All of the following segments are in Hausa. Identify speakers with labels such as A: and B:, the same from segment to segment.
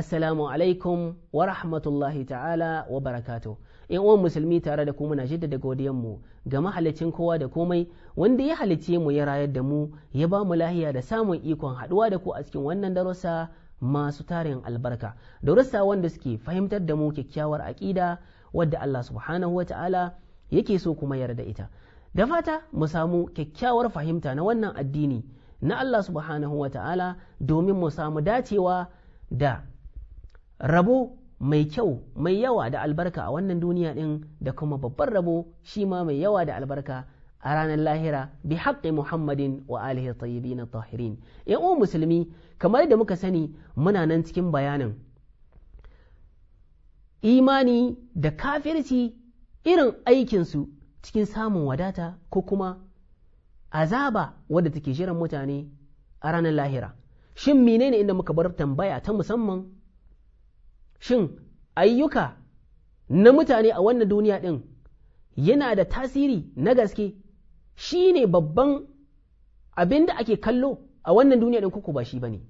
A: Assalamu alaikum wa rahmatullahi ta'ala wa barakatu in uwan musulmi tare da ku muna jaddada mu ga mahalicin kowa da komai wanda ya halicce mu ya rayar da mu ya ba mu lahiya da samun ikon haɗuwa da ku a cikin wannan darussa masu tarin albarka. Darussa wanda suke fahimtar da mu kyakkyawar aƙida wadda Allah subhanahu wa ta'ala yake so kuma yarda ita. Da fata mu samu kyakkyawar fahimta na wannan addini na Allah subhanahu wa ta'ala domin mu samu dacewa da rabo mai kyau mai yawa da albarka a wannan duniya ɗin da kuma babban rabo shi ma mai yawa da albarka a ranar lahira bi haƙƙi muhammadin wa alihi tayyibin tahirin ya o musulmi kamar da muka sani muna nan cikin bayanin imani da kafirci irin aikinsu cikin samun wadata ko kuma azaba wadda take jiran mutane a ranar lahira shin menene inda muka bar tambaya ta musamman shin ayyuka na mutane a wannan duniya ɗin yana da tasiri na gaske shi ne babban abin da ake kallo a wannan duniya ɗin kuku ba shi ba ne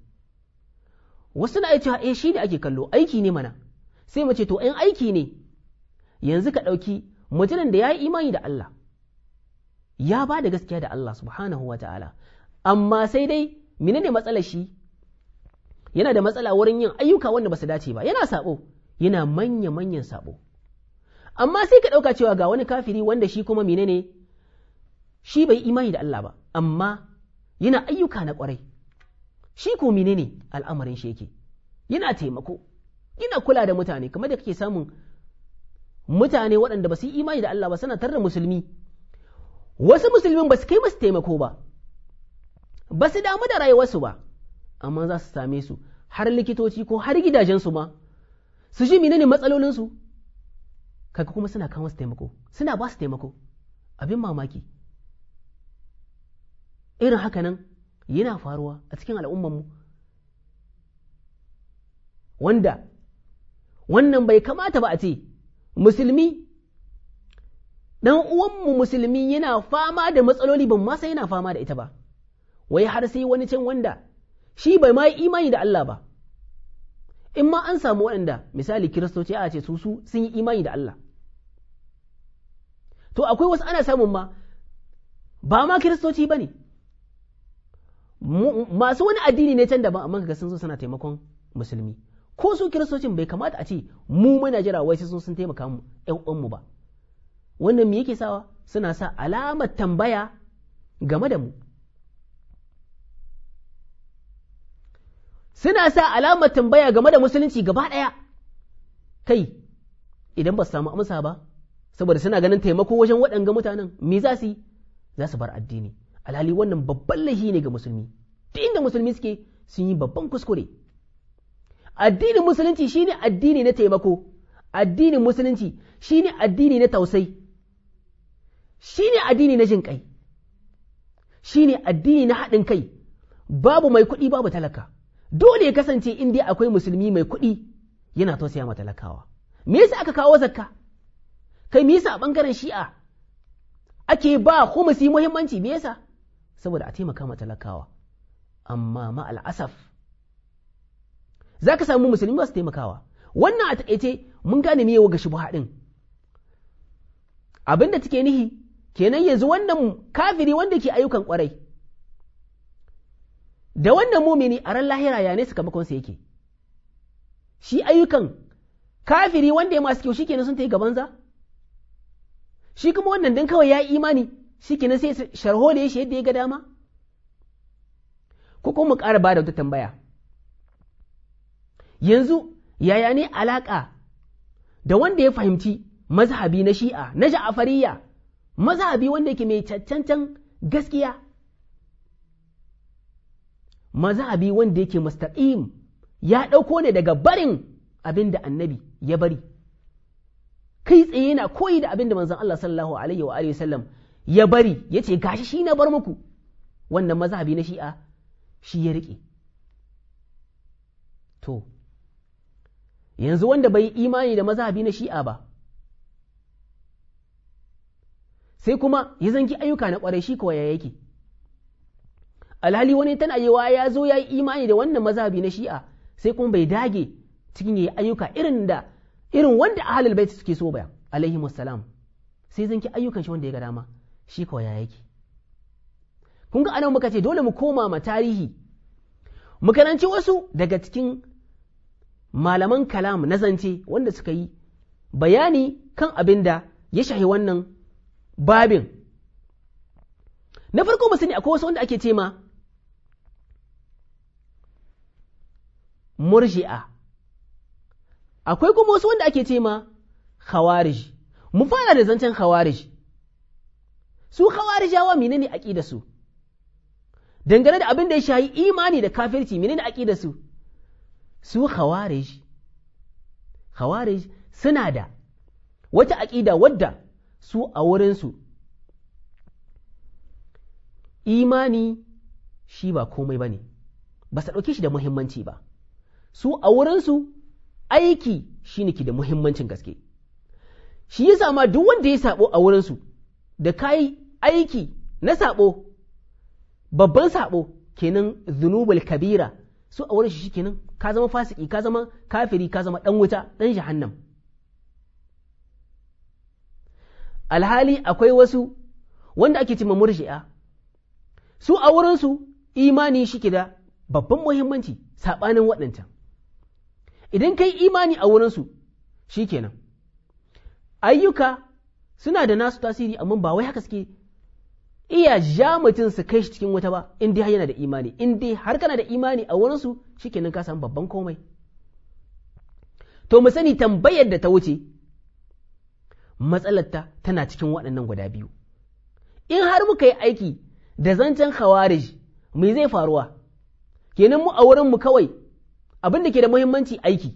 A: wasu na cewa eh shi ne ake kallo aiki ne mana sai mace to in aiki ne yanzu ka ɗauki mutumin da ya yi imani da Allah ya ba da gaskiya da Allah subhanahu wa ta'ala amma sai dai ne matsalar shi yana da matsala wurin yin ayyuka wanda ba su dace ba yana sabo yana manya manyan sabo amma sai ka ɗauka cewa ga wani kafiri wanda shi kuma menene shi bai imani da Allah ba amma yana ayyuka na kwarai shi ko menene al'amarin shi yake yana taimako yana kula da mutane kamar da kake samun mutane waɗanda ba su yi imani da Allah ba suna tarra musulmi wasu musulmin ba su kai masu taimako ba ba su damu da rayuwarsu ba amma za su same su har likitoci ko har gidajensu ma su ji menene matsalolinsu kaga kuma suna kawo su taimako suna ba su taimako abin mamaki irin haka nan yana faruwa a cikin al'ummanmu wanda wannan bai kamata ba a ce musulmi dan uwanmu musulmi yana fama da matsaloli ban ma sai yana fama da ita ba wai har sai wani can wanda shi bai ma yi imani da Allah ba in ma an samu waɗanda misali kiristoci a ce su su sun yi imani da Allah to akwai wasu ana samun ma ba ma kiristoci ba ne masu wani addini ne can daban amma kaga sun zo suna taimakon musulmi ko su kiristocin bai kamata a ce mu muna jira wai sai sun taimaka mu ƴan uwanmu ba wannan me yake sawa suna sa alamar tambaya game da mu suna sa alamar tambaya game da musulunci gaba ɗaya kai idan ba su samu amsa ba saboda suna ganin taimako wajen waɗanga mutanen me za su yi za su bar addini alhali wannan babban laifi ne ga musulmi duk inda musulmi suke sun yi babban kuskure addinin musulunci shine addini na taimako addinin musulunci shine addini na tausai shine addini na jin kai shine addini na haɗin kai babu mai kuɗi babu talaka dole ya kasance in dai akwai musulmi mai kuɗi yana tausaya ma talakawa me yasa aka kawo zakka kai me yasa a bangaren shi'a ake ba khumusi muhimmanci me yasa saboda a taimaka ma talakawa amma ma al'asaf zaka samu musulmi ba su taimakawa wannan a taƙaice mun gane me ga shubha din abinda take nihi kenan yanzu wannan kafiri wanda ke ayyukan kwarai da wannan mumini a ran lahira ya ne makonsa yake shi ayyukan kafiri wanda ya masu kyau shi kenan sun ta yi gabanza shi kuma wannan don kawai ya yi imani shi kenan sai sharho ya shi yadda ya ga dama ko kuma mu ƙara ba da wata tambaya yanzu yaya ne alaƙa da wanda ya fahimci mazhabi na shi'a na ja'afariya mazhabi wanda yake mai cancan gaskiya mazhabi wanda yake mustaqim ya ɗauko ne daga barin abinda annabi ya bari kai tsaye yana koyi da abinda da manzon Allah sallallahu alaihi wa alihi sallam ya bari yace gashi shi na bar muku wannan mazhabi na shi'a shi ya rike to yanzu wanda bai imani da mazhabi na shi'a ba sai kuma ya zangi ayyuka na kwarai shi kawai yake alhali wani tana yiwa ya zo ya yi imani da wannan mazhabi na shi'a sai kuma bai dage cikin yayi ayyuka irin da irin wanda ahlul bait suke so ba alaihi wassalam sai zanki ayyukan shi wanda ya ga dama shi kawai ya yake kun ga anan muka ce dole mu koma ma tarihi mu karanci wasu daga cikin malaman kalam na zance wanda suka yi bayani kan abin da ya shahi wannan babin na farko mu sani akwai wasu wanda ake cema murji'a akwai kuma wasu wanda ake ce ma khawariji mu fara da zancen khawariji su khawarijawa menene aqida su dangane da abin da ya shayi imani da kafirci menene aqida su su khawariji khawariji suna da wata aqida wadda su a wurin su. imani shi ba komai ba ne ba su dauke shi da muhimmanci ba su a wurinsu aiki shi da muhimmancin gaske shi ya ma duk wanda ya sabo a wurinsu da kayi aiki na sabo babban sabo kenan zunubul kabira su a wurinsu shi kenan ka zama fasiki ka zama kafiri ka zama dan wuta dan jahannam alhali akwai wasu wanda ake cima murji'a su a wurinsu imani shi da babban muhimmanci saɓanin waɗancan idan kai imani a wurinsu shi kenan ayyuka suna da nasu tasiri amma ba wai haka suke iya ja mutum su kai shi cikin wata ba in dai yana da imani in dai har kana da imani a wurinsu shi kenan ka samu babban komai to mu sani tambayar da ta wuce matsalarta tana cikin waɗannan guda biyu in har muka yi aiki da zancen khawarij me zai faruwa kenan mu a wurin mu kawai abin da ke da muhimmanci aiki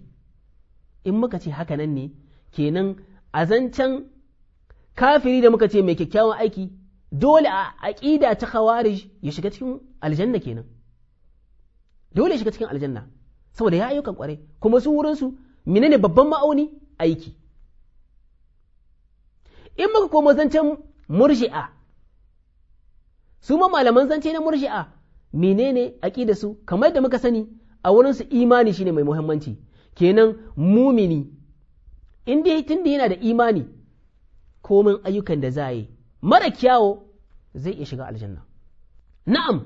A: in muka ce haka nan ne kenan a zancen kafiri da muka ce mai kyakkyawan aiki dole a aƙida ta khawarij ya shiga cikin aljanna kenan dole ya shiga cikin aljanna saboda ya ayyukan kwarai kuma su wurinsu menene babban ma'auni aiki in muka koma zancen murji'a su ma malaman zance na murji'a menene aƙida su kamar da muka sani a su imani shine mai muhimmanci kenan mumini in dai tun yana da imani komin ayyukan da za a yi mara kyawo zai iya shiga aljanna na'am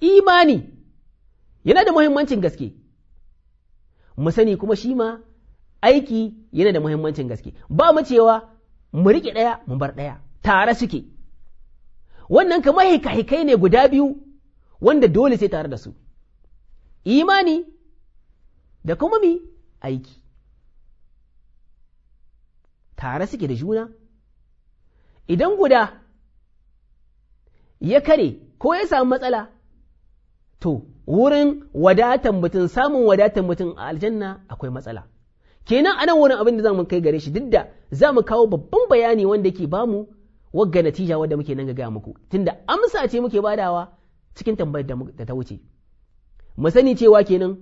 A: imani yana da muhimmancin gaske mu sani kuma shi ma aiki yana da muhimmancin gaske ba mu cewa mu riƙe ɗaya mu bar ɗaya tare suke wannan kamar hika-hikai ne guda biyu wanda dole sai tare da su imani da kuma mi aiki tare suke da juna idan guda ya kare ko ya samu matsala to wurin wadatan mutum samun wadatan mutum a aljanna akwai matsala kenan anan wurin abin da mu kai gare shi duk da za mu kawo babban bayani wanda yake bamu wagga natija wadda muke nan ga muku tunda amsa ce muke badawa cikin tambayar da ta wuce mu sani cewa kenan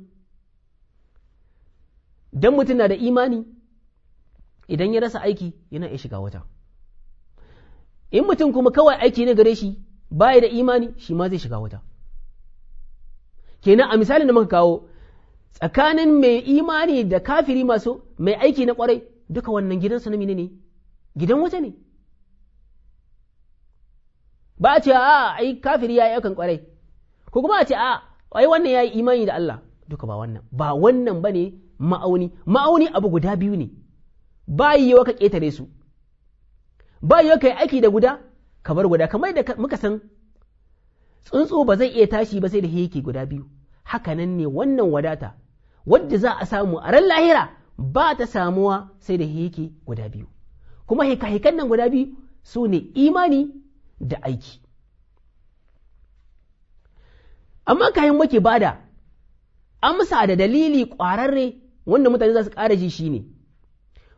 A: dan mutum na da imani idan ya rasa aiki yana iya shiga wata in mutum kuma kawai aiki na gare shi baya da imani shi ma zai shiga wata kenan a misali da muka kawo tsakanin mai imani da kafiri masu mai aiki na kwarai duka wannan gidan na mine ne gidan wata ne ba a ce a ai kafiri ya yi aukan kwarai ko kuma a ce a ai wannan ya yi imani da Allah duka ba wannan ba wannan bane ma'auni ma'auni abu guda biyu ne ba yi yawa ka ƙetare su ba yiwa ka yi aiki da guda ka bar guda kamar da muka san tsuntsu ba zai iya tashi ba sai da yake guda biyu haka nan ne wannan wadata wadda za a samu a ran lahira ba ta samuwa sai da yake guda biyu kuma hika-hikan nan guda biyu su ne imani da aiki amma kayan muke bada amsa da dalili ƙwararre wanda mutane za su ƙara ji shi ne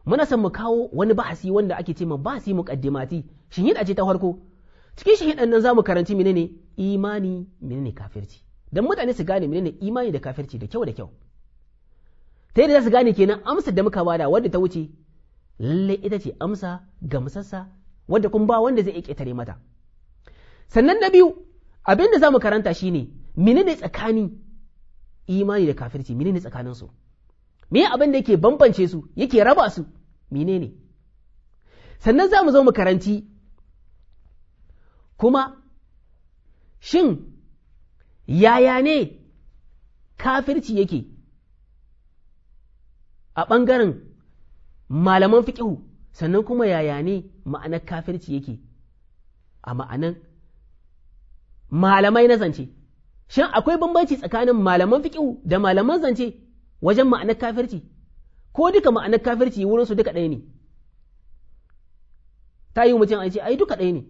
A: muna son mu kawo wani bahasi wanda ake ce ma bahasi muqaddimati shinhida ce ta farko cikin shi hidan nan zamu karanci menene imani menene kafirci dan mutane su gane menene imani da kafirci da kyau da kyau ta yadda za su gane kenan amsar da muka bada wanda ta wuce lalle ita ce amsa ga musassa wadda kun ba wanda zai iya mata sannan na biyu abin da za mu karanta shine mene ne tsakanin imani da kafirci mene tsakanin su me abin da yake bambance su yake raba su mene sannan za mu zo mu karanci. kuma shin yaya ne kafirci yake a ɓangaren malaman fiƙihu sannan kuma yaya ne ma'anar kafirci yake a ma'anar malamai na zance shin akwai bambanci tsakanin malaman fiƙi da malaman zance wajen ma'anar kafirci ko duka ma'anar kafirci wurin su duka ɗaya ne ta yi mutum ce ai duka ɗaya ne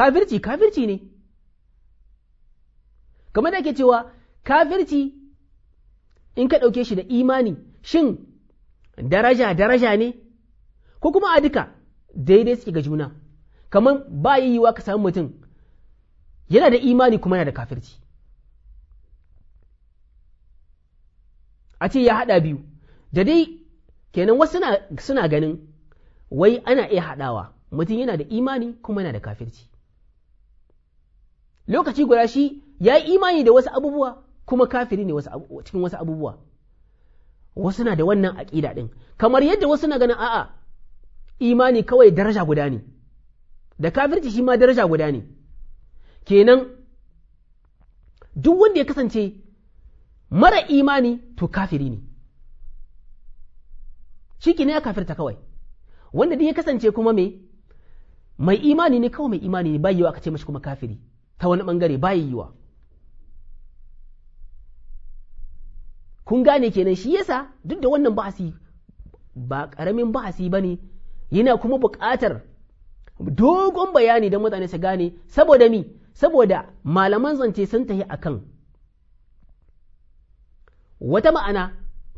A: kafirci kafirci ne kamar da ake cewa kafirci in ka ɗauke shi da imani shin daraja daraja ne ko kuma a duka daidai suke ga juna kamar ba yiwuwa ka samu mutum yana da imani kuma yana da kafirci a ce ya haɗa biyu da dai kenan wasu suna ganin wai ana iya haɗawa mutum yana da imani kuma yana da kafirci lokaci guda shi ya yi imani da wasu abubuwa kuma kafiri ne cikin wasu abubuwa wasu na da wannan aƙida ɗin kamar yadda wasu na ganin a'a imani kawai daraja guda ne da kafirci shi ma daraja guda ne kenan duk wanda ya kasance mara imani to kafiri ne shi ne ya kafirta kawai wanda duk ya kasance kuma me mai imani ne kawai mai imani ne bayi yiwa aka ce mashi kuma kafiri ta wani bangare bayi yiwa kun gane kenan shi yasa duk da wannan ba'asi ba karamin ba'asi bane yana kuma bukatar dogon bayani don mutane su gane saboda mi saboda malaman zance sun tafi akan wata ma'ana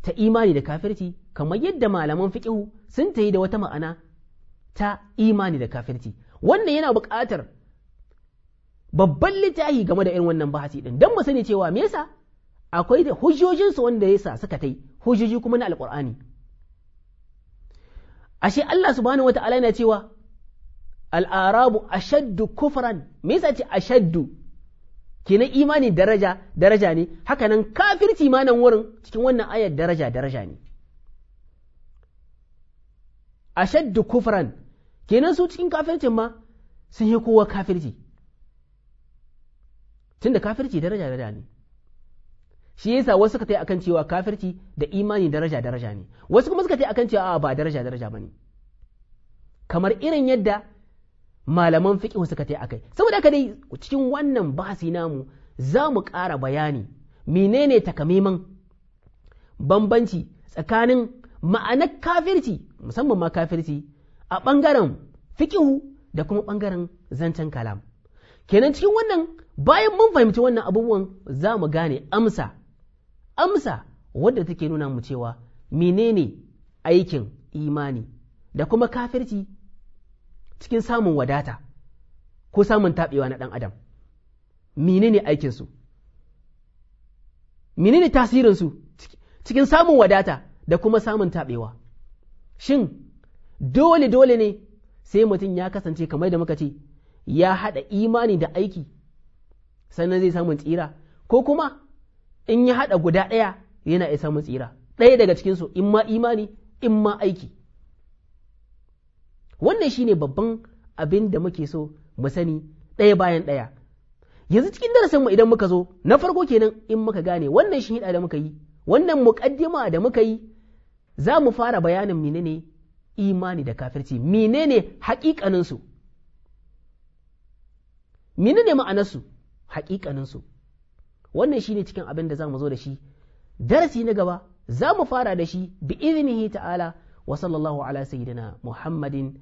A: ta imani da kafirci kamar yadda malaman fiƙihu sun tafi da wata ma'ana ta imani da kafirci wannan yana buƙatar babban littafi game da irin wannan bahasi din don mu sani cewa me yasa akwai da hujjojinsu wanda yasa suka tai hujjoji kuma na alƙur'ani ashe Allah subhanahu wata'ala yana cewa al'arabu ashaddu kufran me yasa ce ke kenan imani daraja daraja ne haka nan kafirci ma nan wurin cikin wannan ayar daraja daraja ne kufuran, kufran kenan su cikin kafircin ma sun yi kowa kafirci da kafirci daraja daraja ne shi yasa wasu suka tai akan cewa kafirci da imani daraja daraja ne wasu kuma suka tai akan cewa ba daraja daraja bane kamar irin yadda malaman fiqh suka tai akai saboda haka dai cikin wannan basi namu za mu ƙara bayani menene takamaiman bambanci tsakanin ma'anar kafirci musamman ma kafirci a ɓangaren fiƙihu da kuma ɓangaren zancen kalam kenan cikin wannan bayan mun fahimci wannan abubuwan za mu gane amsa amsa wadda take nuna mu cewa menene aikin imani da kuma kafirci cikin samun wadata ko samun taɓewa na ɗan adam menene aikinsu menene tasirinsu cikin samun wadata da kuma samun taɓewa shin dole dole ne sai mutum ya kasance kamar da muka ce ya haɗa imani da aiki sannan zai samun tsira ko kuma in ya haɗa guda ɗaya yana iya samun tsira ɗaya daga cikinsu in ma imani in ma aiki wannan shine babban abin da muke so mu sani ɗaya bayan ɗaya yanzu cikin darasin mu idan muka zo na farko kenan in muka gane wannan shi da muka yi wannan muqaddima da muka yi za mu fara bayanin menene imani da kafirci menene haƙiƙanin su menene ma'anar su haƙiƙanin su wannan shine cikin abin da za mu zo da shi darasi na gaba za mu fara da shi bi iznihi ta'ala wa sallallahu ala sayyidina muhammadin